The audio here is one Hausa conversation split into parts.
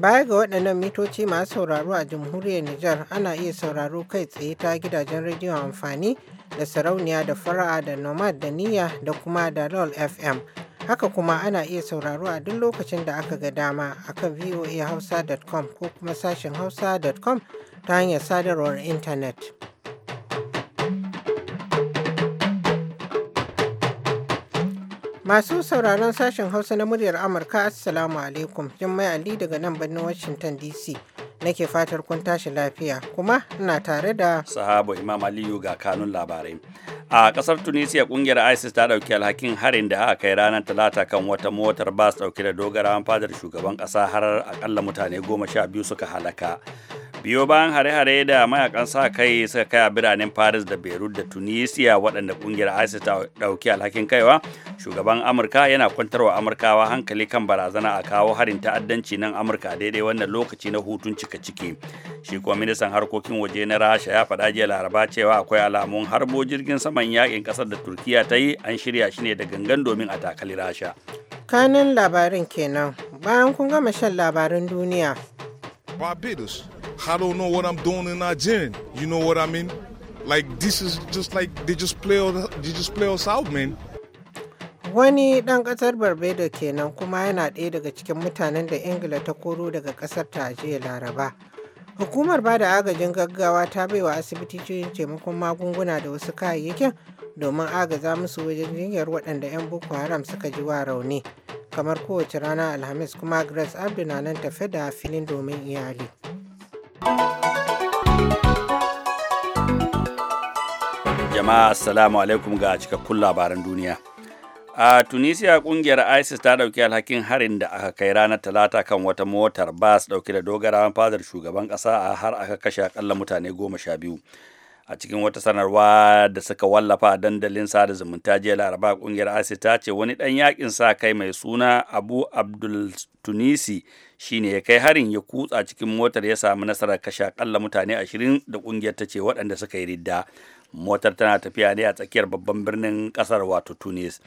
Baya ga waɗannan mitoci masu sauraro a jamhuriyar Nijar ana iya sauraro kai tsaye ta gidajen rediyon amfani da sarauniya da fara'a da nomad da niyya da kuma da lol fm haka kuma ana iya sauraro a duk lokacin da aka ga dama akan voahausa.com ko kuma sashen hausa.com ta hanyar sadarwar intanet. Masu sauraron sashen Hausa na muryar Amurka Assalamu alaikum Jummai Ali daga nan birnin Washington DC nake fatar kun tashi lafiya kuma ina tare da sahabo Imam Aliyu ga kanun labarai. A kasar Tunisia kungiyar ISIS ta dauki alhakin harin da aka kai ranar Talata kan wata motar bas dauke da dogara dogarawan fadar shugaban kasa har akalla mutane goma sha biyu suka halaka. biyo bayan hare-hare da mayakan sa kai suka kai a biranen paris da beirut da tunisia waɗanda kungiyar isis ta ɗauki alhakin kaiwa shugaban amurka yana kwantarwa amurkawa hankali kan barazana a kawo harin ta'addanci nan amurka daidai wannan lokaci na hutun cika ciki shi kuma ministan harkokin waje na rasha ya faɗa jiya laraba cewa akwai alamun harbo jirgin saman yakin ƙasar da turkiya ta yi an shirya shi ne da gangan domin a takali rasha kanan labarin kenan bayan kun gama shan labarin duniya Barbados. I don't know what I'm doing in Nigeria. You know what I mean? Like this is just like they just play us, they just play us out, man. Wani ɗan ƙasar Barbados kenan kuma yana ɗaya daga cikin mutanen da Ingila ta koro daga ƙasar ta jiya Laraba. Hukumar ba da agajin gaggawa ta baiwa asibitocin taimakon magunguna da wasu kayayyakin domin agaza musu wajen jinyar waɗanda 'yan Boko Haram suka ji wa rauni. kamar kowace rana Alhamis kuma Grace Abdu na nan tafe da filin domin iyali. Jama'a Assalamu alaikum ga cikakkun labaran duniya. A Tunisia kungiyar ISIS ta ɗauki alhakin harin da aka kai ranar Talata kan wata motar bas ɗauke da dogarawan fadar shugaban ƙasa a har aka kashe akalla mutane goma sha biyu. a cikin wata sanarwa da suka wallafa a dandalin sada zumunta jiya laraba kungiyar asi ta ce wani dan yakin sa kai mai suna abu abdul tunisi shine ya kai harin ya kutsa cikin motar ya samu nasarar kashe akalla mutane ashirin da kungiyar ta ce waɗanda suka yi ridda motar tana tafiya ne a tsakiyar babban birnin kasar wato tunis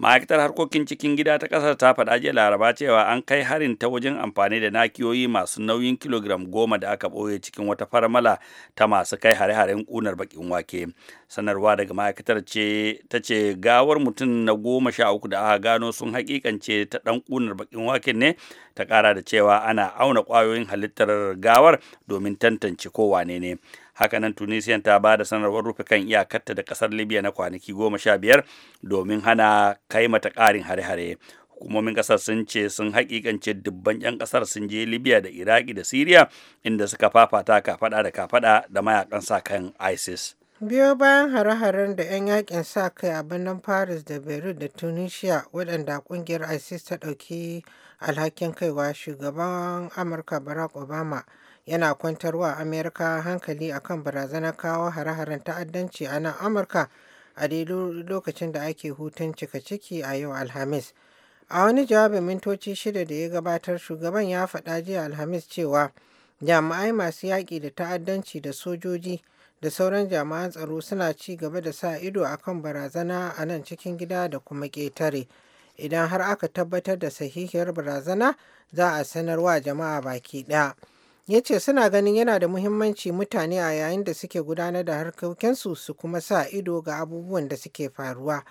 ma'aikatar harkokin cikin gida ta kasar ta faɗa jiya laraba cewa an kai harin ta wajen amfani da nakiyoyi masu nauyin kilogram goma da aka ɓoye cikin wata farmala ta masu kai hare-haren ƙunar bakin wake sanarwa daga ma'aikatar ce ta ce gawar mutum na goma sha uku da aka gano sun hakikance ta ɗan ƙunar bakin waken ne ta ƙara da cewa ana auna ƙwayoyin halittar gawar domin tantance ko wane ne hakanan tunisiya ta ba da sanarwar rufe kan iyakarta da kasar libya na kwanaki goma sha biyar domin hana kai mata ƙarin hare-hare hukumomin kasar sun ce sun hakikance dubban 'yan kasar sun je libya da iraki da syria inda suka fafata kafada da kafada da mayakan sa kan isis biyo bayan hare-haren da 'yan yakin sa kai a birnin paris da beirut da tunisia waɗanda kungiyar isis ta ɗauki alhakin kaiwa shugaban amurka barack obama yana kwantarwa Amerika hankali a kan barazanar kawo hare-haren ta'addanci a nan Amurka a daidai lokacin da ake hutun cika ciki a yau Alhamis. A wani jawabin mintoci shida da ya gabatar shugaban ya faɗa jiya Alhamis cewa jami'ai masu yaƙi da ta'addanci da sojoji da sauran jami'an tsaro suna ci gaba da sa ido a kan barazana a nan cikin gida da kuma ƙetare. Idan har aka tabbatar da sahihiyar barazana za a sanarwa jama'a baki ɗaya. ya ce suna ganin yana da muhimmanci mutane a yayin da suke gudanar da harkokinsu su kuma sa ido ga abubuwan da suke faruwa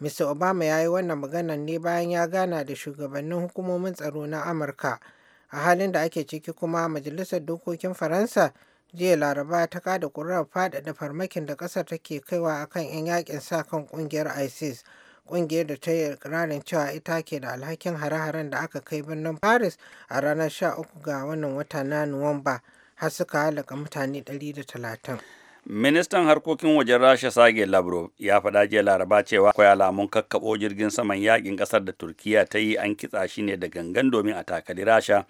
mr obama ya yi wannan maganar ne bayan ya gana da shugabannin hukumomin tsaro na amurka a halin da ake ciki kuma majalisar dokokin faransa jiya laraba ta kada kurar faɗaɗa farmakin da ƙasar take kaiwa akan 'yan yakin sa kan ƙungiyar isis ƙungiyar da ta yi ikirarin cewa ita ke da alhakin hare-haren da aka kai birnin Paris a ranar 13 ga wannan wata na Nuwamba har suka halaka mutane 130. Ministan harkokin wajen Rasha Sage Lavrov ya faɗa jiya Laraba cewa akwai alamun kakkaɓo jirgin saman yakin ƙasar da Turkiya ta yi an kitsa shi ne da gangan domin a takali Rasha.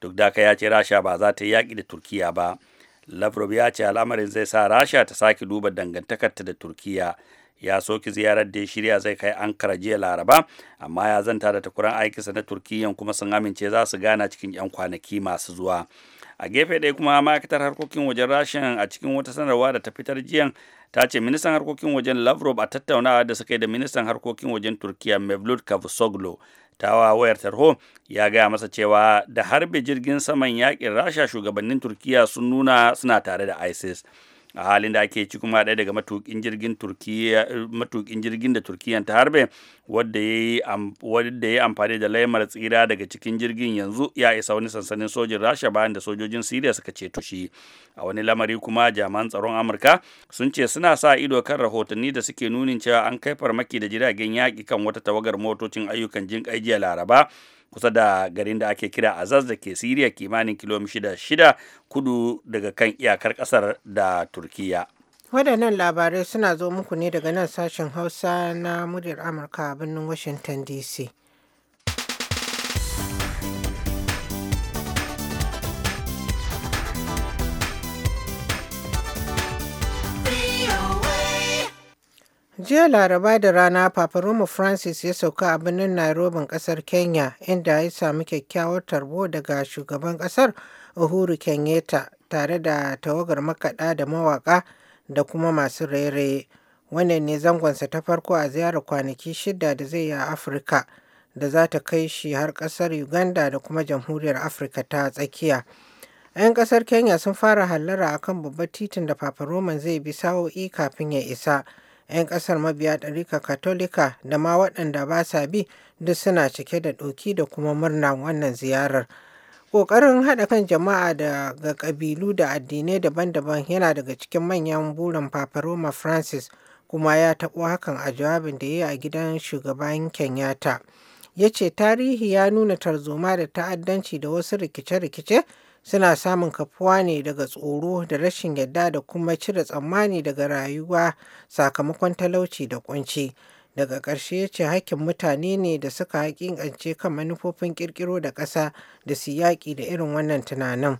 Duk da ya ce Rasha ba za ta yi yaƙi da Turkiya ba. Lavrov ya ce al'amarin zai sa Rasha ta sake duba dangantakarta da Turkiya. ya soki ziyarar da ya shirya zai kai ankara jiya laraba amma ya zanta da takuran aikinsa na turkiyya kuma sun amince za su gana cikin 'yan kwanaki masu zuwa a gefe ɗaya kuma ma'aikatar harkokin wajen rashin a cikin wata sanarwa da ta fitar jiyan ta ce ministan harkokin wajen lavrov a tattaunawa da suka yi da ministan harkokin wajen turkiya mevlut cavusoglu ta wayar tarho ya gaya masa cewa da harbe jirgin saman yakin rasha shugabannin turkiyya sun nuna suna tare da isis a halin da ake ci kuma ɗaya daga matukin jirgin da turkiya ta harbe wadda ya yi amfani da laimar tsira daga cikin jirgin yanzu ya isa wani sansanin sojin rasha bayan da sojojin siriya suka ceto shi a wani lamari kuma jami'an tsaron amurka sun ce suna sa ido kan rahotanni da suke nunin cewa an kai farmaki da jiragen yaƙi kan wata tawagar motocin ayyukan jinƙai jiya laraba kusa da garin da ake kira azaz da ke siriya kimanin kilomita shida kudu daga kan iyakar kasar da turkiya waɗannan labarai suna zo muku ne daga nan sashen hausa na muryar amurka a birnin washington dc Jiya Laraba da rana Paparoma Francis ya sauka a birnin Nairobi kasar Kenya inda ya sami kyakkyawar tarbo daga shugaban kasar Uhuru Kenyatta tare da tawagar makaɗa da mawaƙa da kuma masu raye-raye. Wannan ne zangonsa ta farko a ziyarar kwanaki shida da zai yi a Afirka da za ta kai shi har kasar Uganda da kuma Jamhuriyar Afirka ta tsakiya. 'Yan kasar Kenya sun fara hallara akan babbar titin da Paparoman zai bi sa'o'i kafin ya isa. 'yan ƙasar mabiya ɗarika katolika da ma waɗanda ba sa bi duk suna cike da ɗoki da kuma murna wannan ziyarar ƙoƙarin haɗa kan jama'a daga ƙabilu da addinai daban-daban yana daga cikin manyan burin paparoma francis kuma ya taɓo hakan a jawabin da ya yi a gidan shugaban kenyatta ya ce tarihi ya nuna tarzoma da ta'addanci da wasu rikice-rikice suna samun kafuwa ne daga tsoro da rashin yadda da kuma cire tsammani daga rayuwa sakamakon talauci da kunci daga ƙarshe ya ce hakkin mutane ne da suka haƙiƙance kan manufofin ƙirƙiro da ƙasa da su yaƙi da irin wannan tunanin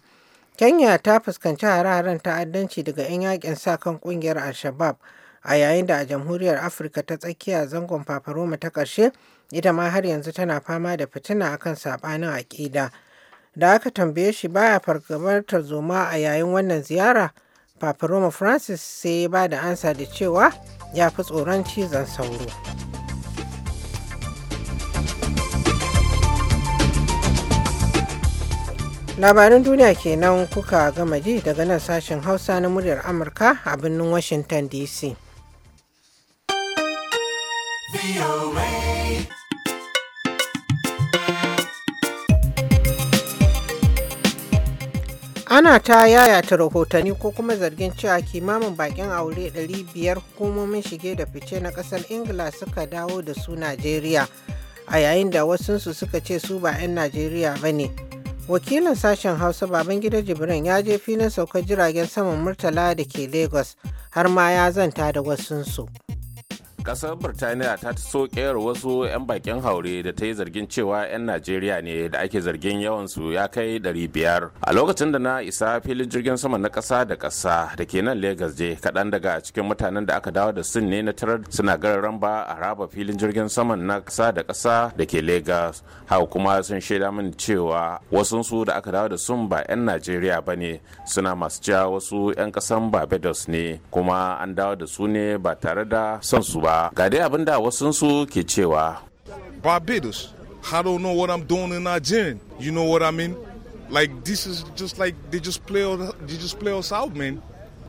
kenya ta fuskanci hare-haren ta'addanci daga 'yan yakin sa kan ƙungiyar al-shabab a yayin da a jamhuriyar afirka ta tsakiya zangon fafaroma ta ƙarshe ita ma har yanzu tana fama da fitina akan saɓanin aƙida. da aka tambaye shi baya fargabar tarzoma a yayin wannan ziyara papa roma francis sai ya ba da ansa da cewa ya fi tsoron cizon sauro labarin duniya kenan kuka gama ji daga nan sashen hausa na muryar amurka a birnin washington dc ana ta yayata rahotanni ko kuma zargin cewa kimamin bakin aure 500 hukumomin shige da fice na kasar ingila suka dawo da su najeriya a yayin da wasunsu suka ce su ba 'yan najeriya ba ne wakilin sashen hausa baban babangida jibrin ya je filin saukar jiragen saman murtala da ke lagos har ma ya zanta da wasunsu. kasar birtaniya ta so kera wasu 'yan bakin haure da ta yi zargin cewa 'yan najeriya ne da ake zargin yawansu ya kai 500 a lokacin da na isa filin jirgin sama na kasa da kasa da ke nan Legas je kaɗan daga cikin mutanen da aka dawo da sun ne na tarar suna garin ramba a raba filin jirgin saman na kasa da kasa da ke Legas. haka kuma sun shaida min cewa wasu su da aka dawo da sun ba 'yan najeriya ba ne suna masu cewa wasu 'yan kasan barbados ne kuma an dawo da su ne ba tare da son su ba ba ga dai abin da ke cewa barbados i don't know what i'm doing in nigeria you know what i mean like this is just like they just play they just play us out man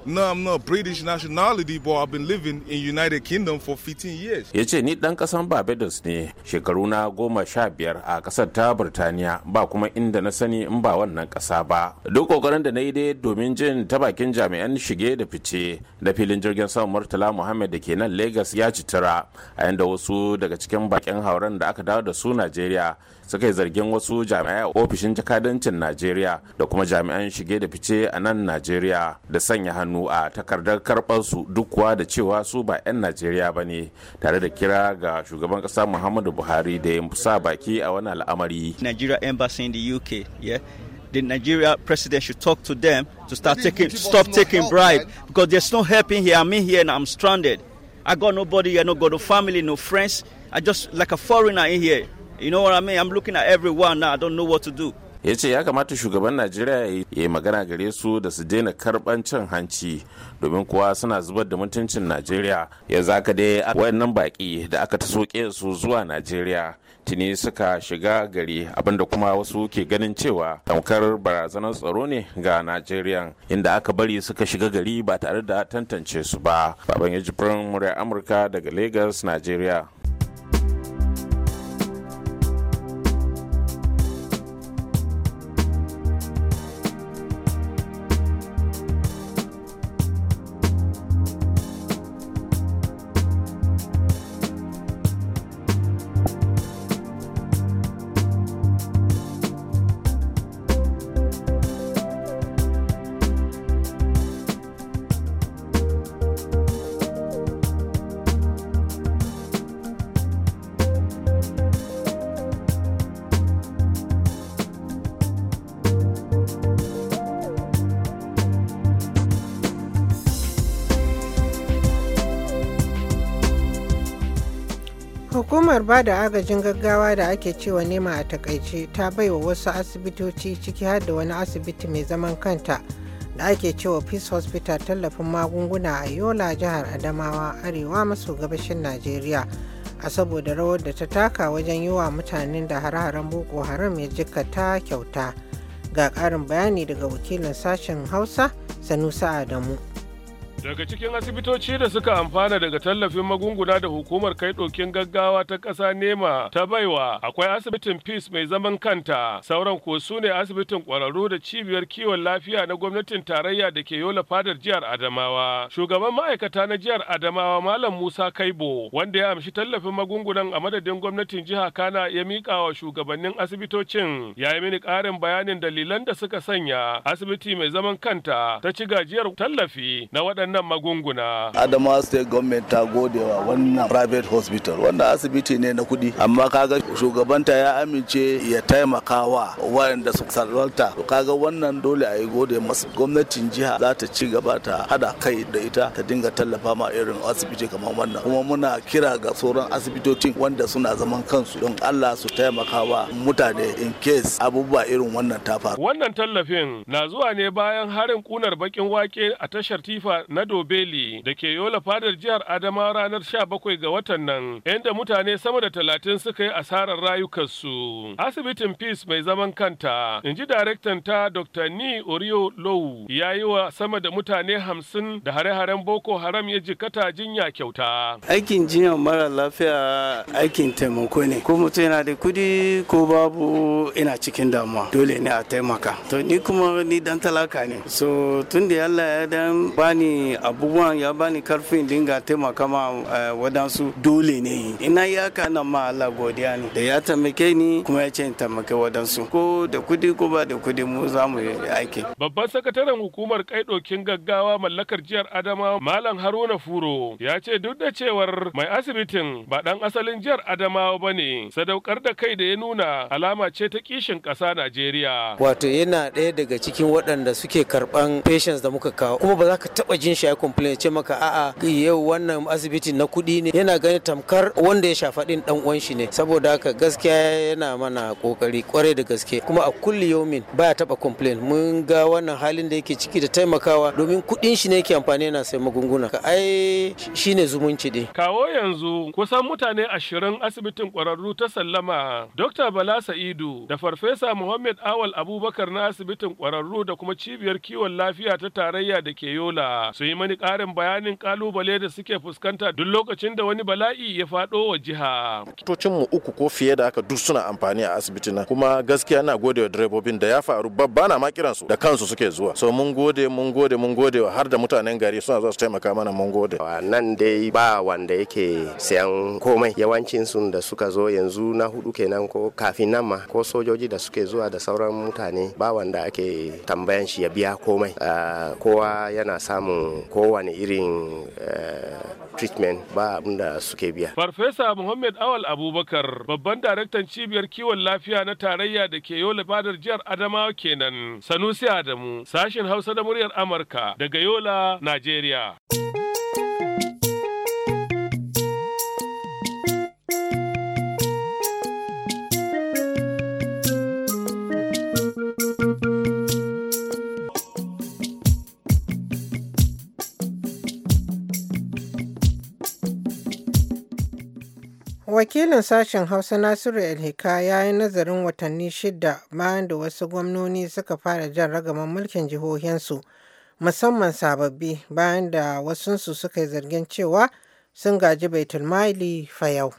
No, I'm not British nationality, but living in United Kingdom for 15 Ya ce ni ɗan ƙasan Barbados ne, shekaru na goma sha biyar a ƙasar ta Burtaniya ba kuma inda na sani in ba wannan ƙasa ba. Duk ƙoƙarin da na yi dai domin jin ta bakin jami'an shige da fice da filin jirgin sama Murtala Muhammad da ke nan Lagos ya ci tura, a yanda wasu daga cikin bakin hauren da aka dawo da su Najeriya suka yi zargin wasu jami'ai ofishin jakadancin Najeriya da kuma jami'an shige da fice a nan Najeriya da sanya hannu hannu a takardar da cewa su ba 'yan najeriya ba ne tare da kira ga shugaban muhammadu buhari da ya sa baki a wani al'amari nigeria embassy in the uk yeah? the Nigeria president should talk to them to start taking, stop taking bribe because there's no help in here. I'm in here and I'm stranded. I got nobody, I no got no family, no friends. I just like a foreigner in here. You know what I mean? I'm looking at everyone now. I don't know what to do. ya ce ya kamata shugaban najeriya ya yi magana gare su da su daina karban cin hanci domin kuwa suna zubar da mutuncin najeriya yanzu aka dai wayannan baki da aka ta soke su zuwa najeriya tuni suka shiga gari abinda kuma wasu ke ganin cewa tamkar barazanar tsaro ne ga najeriya inda aka bari suka shiga gari ba tare da tantance su ba baban ya jibrin murya amurka daga lagos najeriya Hukumar ba da agajin gaggawa da ake cewa nema a takaice ta baiwa wasu asibitoci ciki har da wani asibiti mai zaman kanta da ake cewa Peace Hospital tallafin magunguna a Yola jihar Adamawa arewa maso gabashin Najeriya a saboda rawar da ta taka wajen yi wa mutanen da hare-haren Boko Haram ya jikkata kyauta. Ga karin bayani daga wakilin sashen Hausa Sanusa Adamu. Daga cikin asibitoci da suka amfana daga tallafin magunguna da hukumar kai ɗokin gaggawa ta ƙasa nema ta baiwa akwai asibitin Peace mai zaman kanta sauran ko su ne asibitin ƙwararru da cibiyar kiwon lafiya na gwamnatin tarayya da ke yola fadar jihar Adamawa. Shugaban ma'aikata na jihar Adamawa Malam Musa Kaibo wanda ya amshi tallafin magungunan a madadin gwamnatin jiha Kana ya miƙa wa shugabannin asibitocin ya yi mini ƙarin bayanin dalilan da suka sanya asibiti mai zaman kanta ta ci gajiyar tallafi na waɗannan waɗannan magunguna. Adamawa State Government ta gode wa wannan private hospital wanda asibiti ne na kuɗi amma kaga shugabanta ya amince ya taimaka wa waɗanda su salwalta. kaga wannan dole a yi gode masu gwamnatin jiha za ta ci gaba ta hada kai da ita ta dinga tallafa ma irin asibiti kamar wannan kuma muna kira ga sauran asibitocin wanda suna zaman kansu don Allah su taimaka wa mutane in case abubuwa irin wannan ta faru. Wannan tallafin na zuwa ne bayan harin kunar bakin wake a tashar tifa na Gado Beli da ke yola fadar jihar Adama ranar sha bakwai ga watan nan, inda mutane sama da talatin suka yi asarar rayukansu. Asibitin Peace mai zaman kanta, in ji daraktan ta Dr. Ni Oriyo Lowu, ya yi wa sama da mutane hamsin da hare-haren Boko Haram ya jikata jinya kyauta. Aikin jinyar mara lafiya aikin taimako ne, ko mutum yana da kudi ko babu ina cikin damuwa, dole ne a taimaka. To ni kuma ni dan talaka ne, so tun da Allah ya dan bani abubuwan ya bani karfin dinga taimaka ma eh, wadansu dole ne ina ya kana ma Allah godiya ne da ya tamake ni kuma ya ce tamake wadansu ko da kudi ko ba da kudi mu za mu aiki babban sakataren hukumar kaidokin gaggawa mallakar jihar Adama Malam Haruna Furo ya ce duk da cewar mai asibitin ba dan asalin jihar Adamawa ne. sadaukar da kai da ya nuna alama ce ta kishin ƙasa Najeriya wato yana ɗaya daga cikin waɗanda suke karɓan patients da muka kawo kuma ba za ka taɓa jin jin shi ya complain ce maka a'a yau wannan asibiti na kuɗi ne yana ganin tamkar wanda ya shafa din dan uwan shi ne saboda haka gaskiya yana mana kokari kwarai da gaske kuma a kulli yomin baya taba complain mun ga wannan halin da yake ciki da taimakawa domin kuɗin shi ne yake amfani yana sai magunguna ka ai shine zumunci din kawo yanzu kusan mutane ashirin asibitin kwararru ta sallama dr bala sa'idu da farfesa muhammad awal abubakar na asibitin kwararru da kuma cibiyar kiwon lafiya ta tarayya da ke yola su yi mani ƙarin bayanin ƙalubale da suke fuskanta duk lokacin da wani bala'i ya faɗo wa jiha. mu uku ko fiye da aka duk suna amfani a asibiti na. kuma gaskiya na gode wa direbobin da ya faru babba na makiran su da kansu suke zuwa. So mun gode mun gode mun gode wa har da mutanen gari suna zuwa su taimaka mana mun gode. Nan dai ba wanda yake sayan komai yawancin sun da suka zo yanzu na hudu kenan ko kafin nan ma ko sojoji da suke zuwa da sauran mutane ba wanda ake tambayan shi ya biya komai ah, kowa yana samun kowane irin eh, treatment ba abinda suke biya. Farfesa Muhammad Awal Abubakar babban daraktan cibiyar kiwon lafiya na tarayya da ke Yola Badar jihar Adamawa kenan. Sanusi Adamu sashen Hausa da muryar Amurka daga Yola, Najeriya. Wakilin sashen Hausa Nasiru Elhika ya yi nazarin watanni shida bayan da wasu gwamnoni suka fara jan ragaman mulkin jihohinsu musamman sababbi bayan da wasunsu suka yi zargin cewa sun gaji baitulmali fa yau.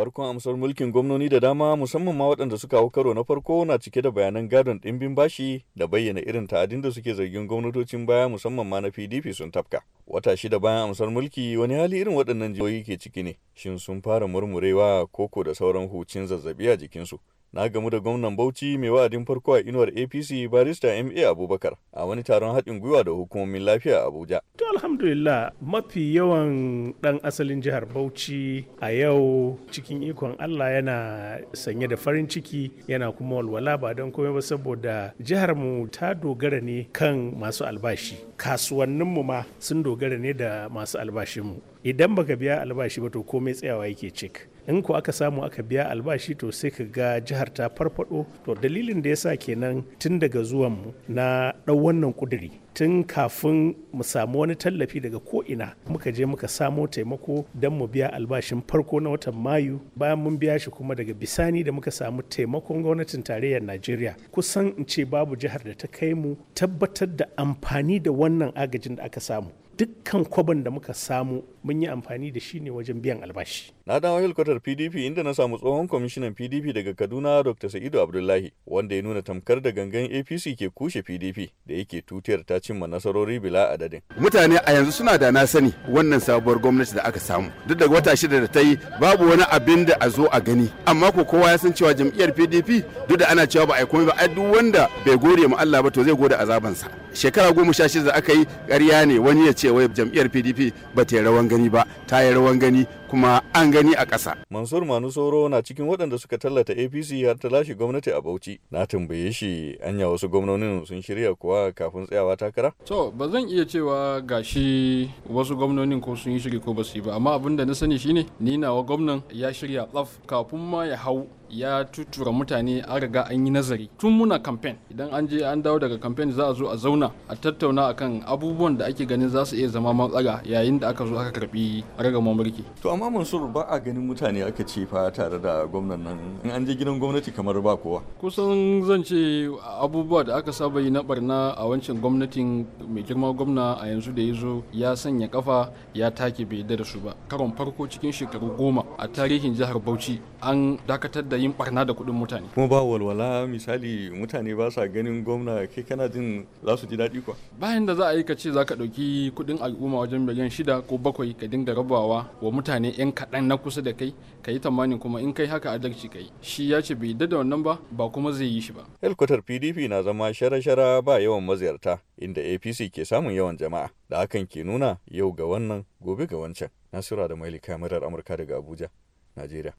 farkon amsar mulkin gwamnoni da dama musamman ma waɗanda suka hau karo na farko na cike da bayanan gadon ɗimbin bashi da bayyana irin ta'adin da suke zargin gwamnatocin baya musamman ma na pdp sun tafka wata shida bayan amsar mulki wani hali irin waɗannan jihohi ke ciki ne shin sun fara murmurewa koko da sauran hucin zazzabi a jikinsu na gamu da gwamnan bauchi mai wa'adin farko a inuwar apc barista ma abubakar a wani taron haɗin gwiwa da hukumomin lafiya a abuja to alhamdulillah mafi yawan ɗan asalin jihar bauchi a yau cikin ikon allah yana sanye da farin ciki yana kuma walwala ba don komai ba saboda jihar mu ta dogara ne kan masu albashi kasuwanninmu ma sun dogara ne da masu albashin mu idan baka biya albashi ba to komai tsayawa yake cik in ko aka samu aka biya albashi to sai ka ga jihar ta farfado to dalilin da yasa kenan tun daga zuwan mu na dau wannan kuduri tun kafin mu samu wani tallafi daga ko ina muka je muka samo taimako don mu biya albashin farko na watan mayu bayan mun biya shi kuma daga bisani da muka samu taimakon gwamnatin tarayyar najeriya kusan in ce babu jihar da ta kai mu tabbatar da amfani da wannan agajin da aka samu dukkan kwaban da muka samu mun yi amfani da shi ne wajen biyan albashi. Na dawo hilkwatar PDP inda na samu tsohon kwamishinan PDP daga Kaduna Dr. Sa'idu Abdullahi wanda ya nuna tamkar da gangan APC ke kushe PDP da yake tutiyar ta cimma nasarori bila adadin. Mutane a yanzu suna da na sani wannan sabuwar gwamnati da aka samu. Duk da wata shida da ta yi babu wani abin da a zo a gani. Amma ko kowa ya san cewa jam'iyyar PDP duk da ana cewa ba a yi komai ba ai duk wanda bai gode ma Allah ba to zai gode azabansa. Shekara goma sha shida da aka yi karya ne wani ya ce wai jam'iyyar PDP ba ta rawan gani ba ta yi rawan gani kuma an gani a ƙasa. Mansur Manu Soro na cikin waɗanda suka tallata APC har ta lashe gwamnati a Bauchi. Na tambaye shi anya wasu gwamnonin sun shirya kuwa kafin tsayawa takara? To ba zan iya cewa gashi wasu gwamnonin ko sun yi shiri ko ba su yi ba amma abin da na sani shine ni nawa gwamnan ya shirya tsaf kafin ma ya hau ya tutura mutane an riga an yi nazari tun muna kamfen idan an je an dawo daga kamfen za a zo a zauna a tattauna akan abubuwan da ake ganin za su iya zama matsala yayin da aka zo aka karbi ragamar mulki. To amma mansur ba a ganin mutane aka ce fa tare da gwamnan nan in an je gidan gwamnati kamar ba kowa kusan zan ce abubuwa da aka saba yi na barna a wancan gwamnatin mai girma gwamna a yanzu da ya zo ya sanya kafa ya take bai da su ba karon farko cikin shekaru goma a tarihin jihar bauchi an dakatar da yin barna da kuɗin mutane kuma ba walwala misali mutane ba sa ganin gwamna kai kana jin za su ji daɗi kuwa bayan da za a yi ka ce za ka ɗauki kuɗin al'umma wajen miliyan shida ko bakwai ka dinga rabawa wa mutane ne 'yan kaɗan na kusa da kai ka yi tamanin kuma in kai haka adalci ka yi shi ya ce bai da wannan ba ba kuma zai yi shi ba helkwatar pdp na zama shara-shara ba yawan maziyarta inda apc ke samun yawan jama'a da hakan ke nuna yau ga wannan gobe ga wancan nasura da maili kamarar amurka daga abuja najeriya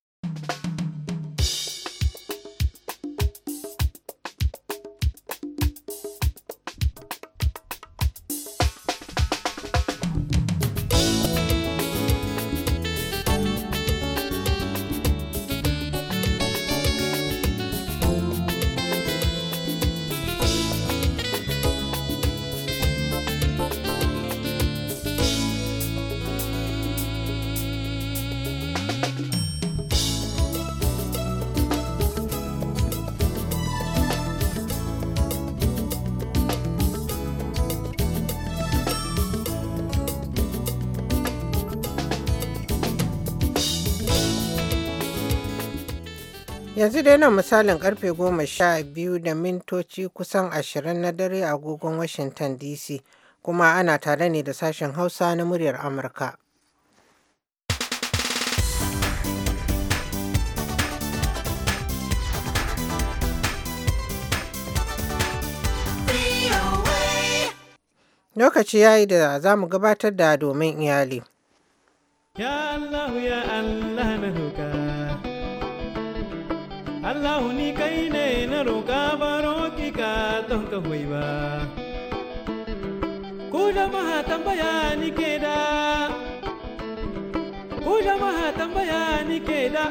Yanzu dai nan misalin karfe goma sha biyu da mintoci kusan ashirin na dare a agogon Washington DC kuma ana tare ne da sashen Hausa na muryar Amurka. Lokaci ya yi da za mu gabatar da domin iyali. Ya Allah ya Allah na Allah ni kai ne na roka baro ki ka don ka hoi ba. Ku jama'a tambaya ni ke da, ku jama'a tambaya ni ke da.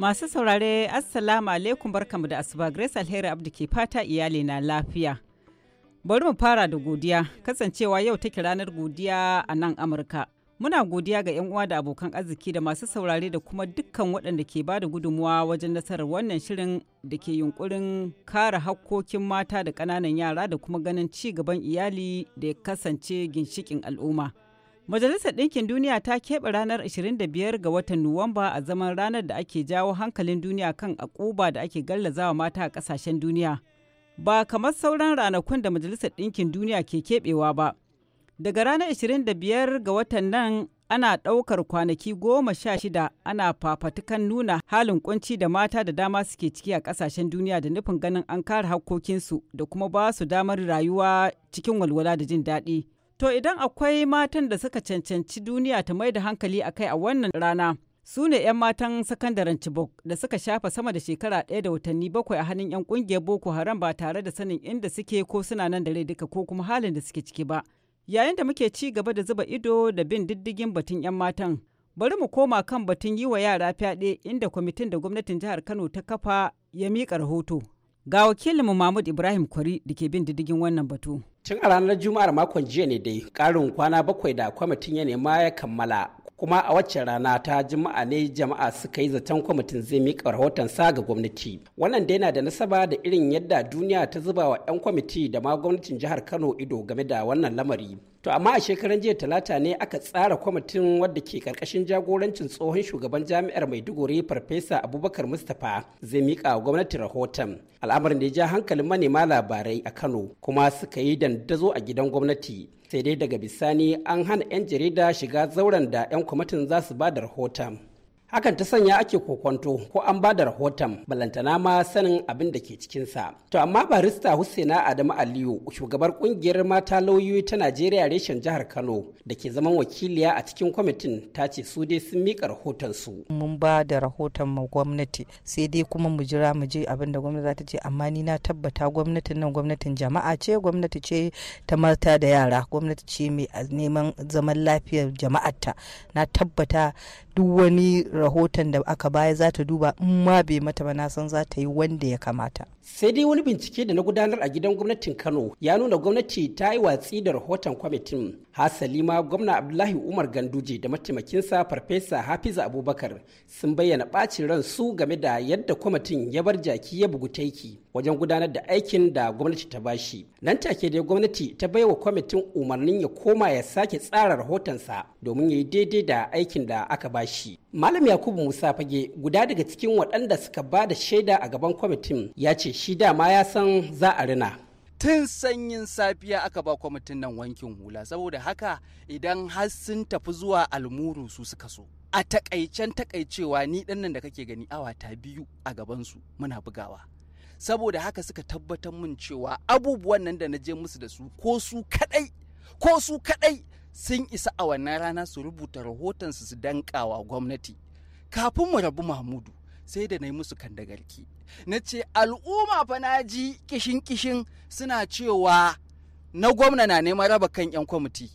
Masu saurare, Assalamu alaikum barkamu da asuba Grace Alheri Abdi ke fata iyali na lafiya. Bari mu fara da godiya, kasancewa yau take ranar godiya a nan Amurka. Muna godiya ga 'yan uwa da abokan arziki da masu saurare da kuma dukkan waɗanda ke ba da gudunmuwa wajen nasarar wannan shirin da ke yunkurin kare hakkokin mata da ƙananan yara da kuma ganin ci gaban iyali da ya kasance ginshikin al'umma. Majalisar Ɗinkin Duniya ta keɓe ranar 25 ga watan Nuwamba a zaman ranar da ake jawo hankalin duniya kan akuba da ake gallazawa mata a ƙasashen duniya. Ba kamar sauran ranakun da Majalisar Ɗinkin Duniya ke keɓewa ba. Daga ranar 25 ga watan nan ana ɗaukar kwanaki goma sha shida ana fafatukan nuna halin kunci da mata da dama suke ciki a ƙasashen duniya da nufin ganin an kare hakkokinsu da kuma ba su damar rayuwa cikin walwala da jin daɗi. To idan akwai matan da suka cancanci duniya ta mai da hankali a kai a wannan rana, su ne 'yan matan sakandaren Chibok da suka shafa sama da shekara ɗaya da watanni bakwai a hannun 'yan ƙungiyar Boko Haram ba tare da sanin inda suke ko suna nan da rai duka ko kuma halin da suke ciki ba. Yayin da muke ci gaba da zuba ido da bin diddigin batun 'yan matan, bari mu koma kan batun yi wa yara fyaɗe inda kwamitin da gwamnatin jihar Kano ta kafa ya miƙa rahoto. Ga wakilinmu Mahmud Ibrahim Kwari da ke bin diddigin wannan batu. Tun a ranar Juma'ar makon jiya ne dai, ƙarin kwana bakwai da kwamitin ya nema ya kammala kuma a wacce rana ta juma'a ne jama'a suka yi zaton kwamitin zai miƙa rahoton sa ga gwamnati wannan dai na da nasaba da irin yadda duniya ta zuba wa 'yan kwamiti da ma gwamnatin jihar kano ido game da wannan lamari To amma a shekaran jiya talata ne aka tsara kwamitin wadda ke karkashin jagorancin tsohon shugaban jami'ar Maiduguri Farfesa Abubakar Mustapha zai miƙa wa gwamnati rahoton. Al'amarin da ya ja hankalin manema labarai a Kano kuma suka yi dandazo a gidan gwamnati. Sai dai daga bisani an hana 'yan jarida shiga zauren da 'yan kwamitin za su ba da rahoton. akan ta sanya ake kokonto ko an ba da rahoton balantana ma sanin abin da ke cikinsa to amma barista hussaina adamu aliyu shugabar kungiyar mata lauyoyi ta najeriya reshen jihar kano da ke zaman wakiliya a cikin kwamitin ta ce su dai sun mika rahoton su mun ba da rahoton ma gwamnati sai dai kuma mu jira mu je abin da gwamnati za ta ce amma ni na tabbata gwamnatin nan gwamnatin jama'a ce gwamnati ce ta mata da yara gwamnati ce mai neman zaman lafiyar jama'arta na tabbata duk wani rahoton da aka baya za ta duba in ma bai mata ba na san za ta yi wanda ya kamata sai dai wani bincike da na gudanar a gidan gwamnatin kano ya nuna gwamnati ta yi watsi da rahoton kwamitin hasalima gwamna abdullahi umar ganduje da mataimakinsa farfesa hafiza abubakar sun bayyana bacin ran su game da yadda kwamitin ya bar jaki ya bugu taiki wajen gudanar da aikin da gwamnati ta bashi nan take dai gwamnati ta bai wa kwamitin umarnin ya koma ya sake tsara rahotonsa domin ya yi daidai da aikin da aka bashi malam yakubu musa fage guda daga cikin waɗanda suka ba da shaida a gaban kwamitin ya ce shi dama ya san za a rina tun sanyin safiya aka ba kwamitin nan wankin hula saboda haka idan har sun tafi zuwa almuru su suka so a takaicen takaicewa ni ɗan nan da kake gani awa ta biyu a gabansu muna bugawa saboda haka suka tabbatar mun cewa abubuwan nan da na je musu da su ko su kadai ko su kadai sun isa a wannan rana su rubuta rahotonsu su dankawa gwamnati kafin mu rabu mahmudu sai da na yi musu kandagarki na ce al'umma fa na ji kishin kishin suna cewa na gwamna na neman raba kan 'yan kwamiti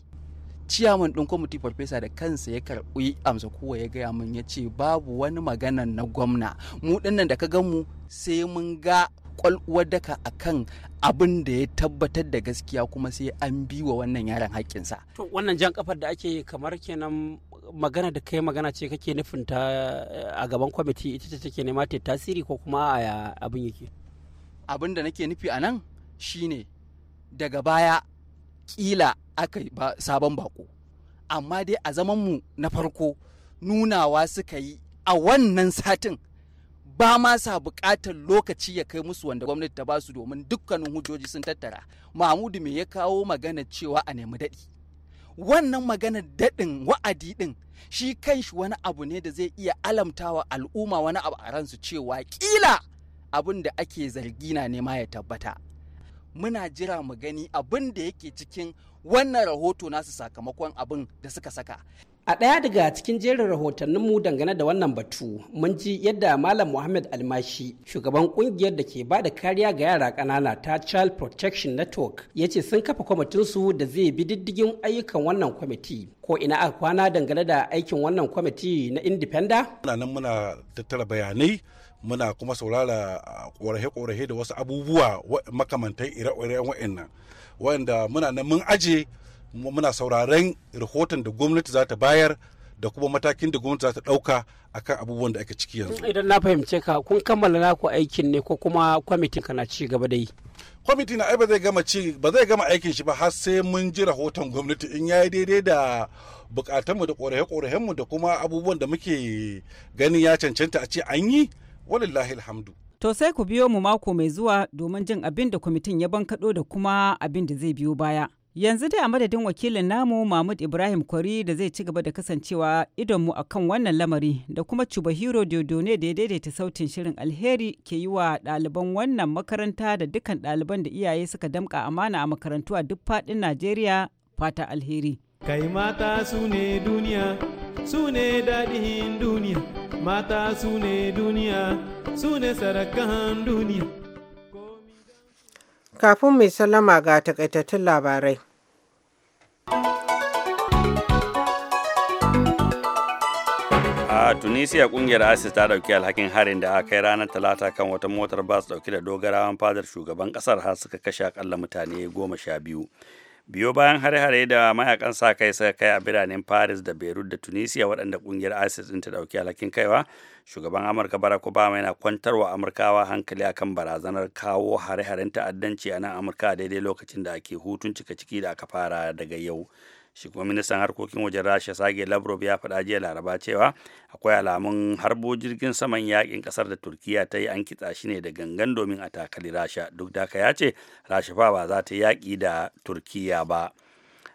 ciyaman ɗin kwamiti farfesa da kansa ya karɓi amsa kowa ya gaya min ya ce babu wani magana na gwamna mu ɗinnan da ka gan mu sai mun ga kwalwar daka a kan abin da ya tabbatar da gaskiya kuma sai an bi wa wannan yaron haƙƙinsa. To wannan jan kafar da ake kamar kenan magana da kai magana ce kake nufin ta eh, a gaban kwamiti ita ce take nema ta tasiri ko kuma a abin yake abin da nake nufi a nan shine daga baya kila aka ba sabon bako amma dai a zaman mu na farko nunawa suka yi a wannan satin ba ma sa buƙatar lokaci ya kai musu wanda gwamnati ta basu domin dukkanin hujjoji sun tattara mahmudu me ya kawo magana cewa a nemi daɗi wannan maganar daɗin wa'adi ɗin shi kanshi wani abu ne da zai iya alamtawa al'umma wani abu a ransu cewa ƙila abin da ake zargi na nema ya tabbata muna jira mu gani abin da yake cikin wannan rahoto nasu sakamakon abin da suka saka A ɗaya daga cikin jerin rahotanninmu dangane da wannan batu, mun ji yadda Malam Muhammad Almashi, shugaban kungiyar da ke bada kariya ga yara ƙanana ta Child Protection Network, ya ce sun kafa kwamitinsu da zai bi diddigin ayyukan wannan kwamiti. Ko ina aka kwana dangane da aikin wannan kwamiti na Indipenda? Muna nan muna tattara bayanai, muna kuma saurara ƙorahe-ƙorahe da wasu abubuwa makamantan ire-iren waɗannan Wanda muna nan mun aje kuma muna sauraren rahoton da gwamnati za ta bayar da kuma matakin da gwamnati za ta ɗauka kan abubuwan da ake ciki yanzu. Idan na fahimce ka kun kammala naku aikin ne ko kuma kwamitin na ci gaba da yi. Kwamiti na ba zai gama ci ba zai gama aikin shi ba har sai mun ji rahoton gwamnati in ya yi daidai da bukatunmu da korafe mu da kuma abubuwan da muke gani ya cancanta a ce an yi walillahi alhamdu. To sai ku biyo mu mako mai zuwa domin jin abin da kwamitin ya bankaɗo da kuma abin da zai biyo baya. Yanzu dai a madadin wakilin namu Mahmud Ibrahim Kwari da zai ci gaba da kasancewa idonmu a kan wannan lamari da kuma Chubahiro Diodone da ya daidaita sautin shirin alheri ke yi wa ɗaliban wannan makaranta da dukkan ɗaliban da iyaye suka damƙa amana a makarantu a duk faɗin Najeriya fata alheri. Kai mata su ne duniya, su ne daɗin duniya, mata su ne duniya, su ne sarakan duniya. Kafin mai sallama ga takaitattun labarai. a tunisia kungiyar isis ta dauki alhakin harin da aka kai ranar talata kan wata motar bas dauke da dogarawan fadar shugaban kasar har suka kashe akalla mutane goma sha biyu biyo bayan hare-hare da mayakan sa kai suka kai a biranen paris da beirut da tunisia waɗanda kungiyar isis ɗin ta ɗauki alhakin kaiwa shugaban amurka barack obama yana kwantarwa amurkawa hankali akan barazanar kawo hare-haren ta'addanci a nan amurka a daidai lokacin da ake hutun cika ciki da aka fara daga yau shi kuma ministan harkokin wajen rasha sage labrov ya faɗa jiya laraba cewa akwai alamun harbo jirgin saman yakin kasar da turkiya ta yi an kitsa shi ne da gangan domin a takali rasha duk da haka ya ce rasha fa ba za ta yaƙi da turkiya ba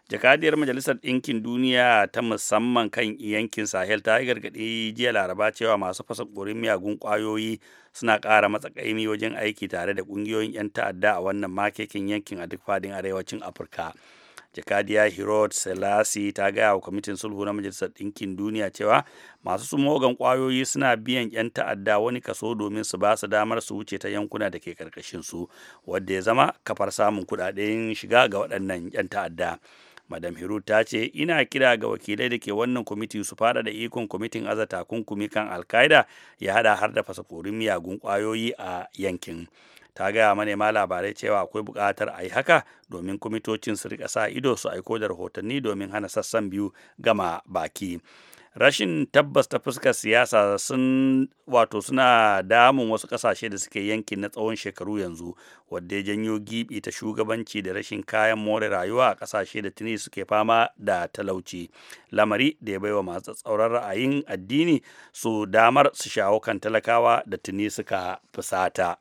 jakadiyar majalisar ɗinkin duniya ta musamman kan yankin sahel ta yi gargaɗi jiya laraba cewa masu fasa ƙorin miyagun ƙwayoyi suna ƙara matsakaimi wajen aiki tare da ƙungiyoyin 'yan ta'adda a wannan makekin yankin a duk fadin arewacin afirka jakadiya hirot selasi ta gaya wa kwamitin sulhu na majalisar ɗinkin duniya cewa masu sumogan kwayoyi suna biyan 'yan ta'adda wani kaso domin su ba su damar su wuce ta yankuna da ke karkashin su wadda ya zama kafar samun kuɗaɗen shiga ga waɗannan 'yan ta'adda madam hiru ta ce ina kira ga wakilai da ke wannan kwamiti su fada da ikon kwamitin aza takunkumi kan alkaida ya hada har da fasa korin miyagun kwayoyi a yankin ta gaya manema labarai cewa akwai buƙatar a yi haka domin kwamitocin su riƙa sa ido su aiko da rahotanni domin hana sassan biyu gama baki rashin tabbas ta fuskar siyasa sun wato suna damun wasu ƙasashe da suke yankin na tsawon shekaru yanzu wadda ya janyo gibi ta shugabanci da rashin kayan more rayuwa a ƙasashe da tuni suke fama da talauci lamari da ya baiwa masu tsauran ra'ayin addini su damar su shawo kan talakawa da tuni suka fusata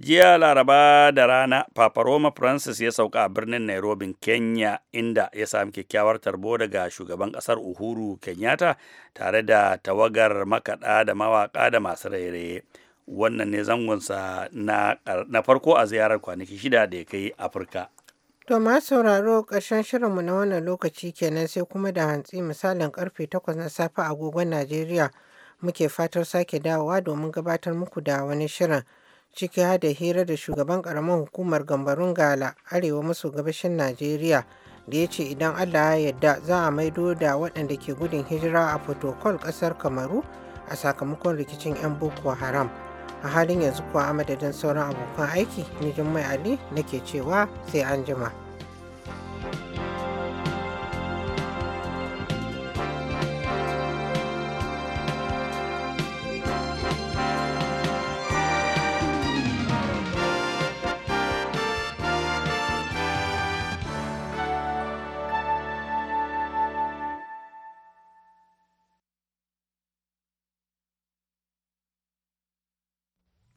jiya laraba da rana papa roma francis ya sauka a birnin nairobi kenya inda ya sami kyakkyawar tarbo daga shugaban kasar uhuru kenyatta tare da tawagar makaɗa da mawaƙa da masu rairaye wannan ne zangonsa na, farko a ziyarar kwanaki shida da ya kai afirka to ma sauraro ƙarshen shirinmu na wannan lokaci kenan sai kuma da hantsi misalin karfe 8 na safe agogon najeriya muke fatar sake dawowa domin gabatar muku da wani shirin ciki har da hira da shugaban ƙaramar hukumar gambarun gala arewa maso gabashin najeriya da ya ce idan allah ya yarda za a maido da waɗanda ke gudun hijira a fotokol ƙasar kamaru a sakamakon rikicin 'yan boko haram a halin yanzu kuwa a madadin sauran abokan aiki ni jummai ali nake cewa sai an jima.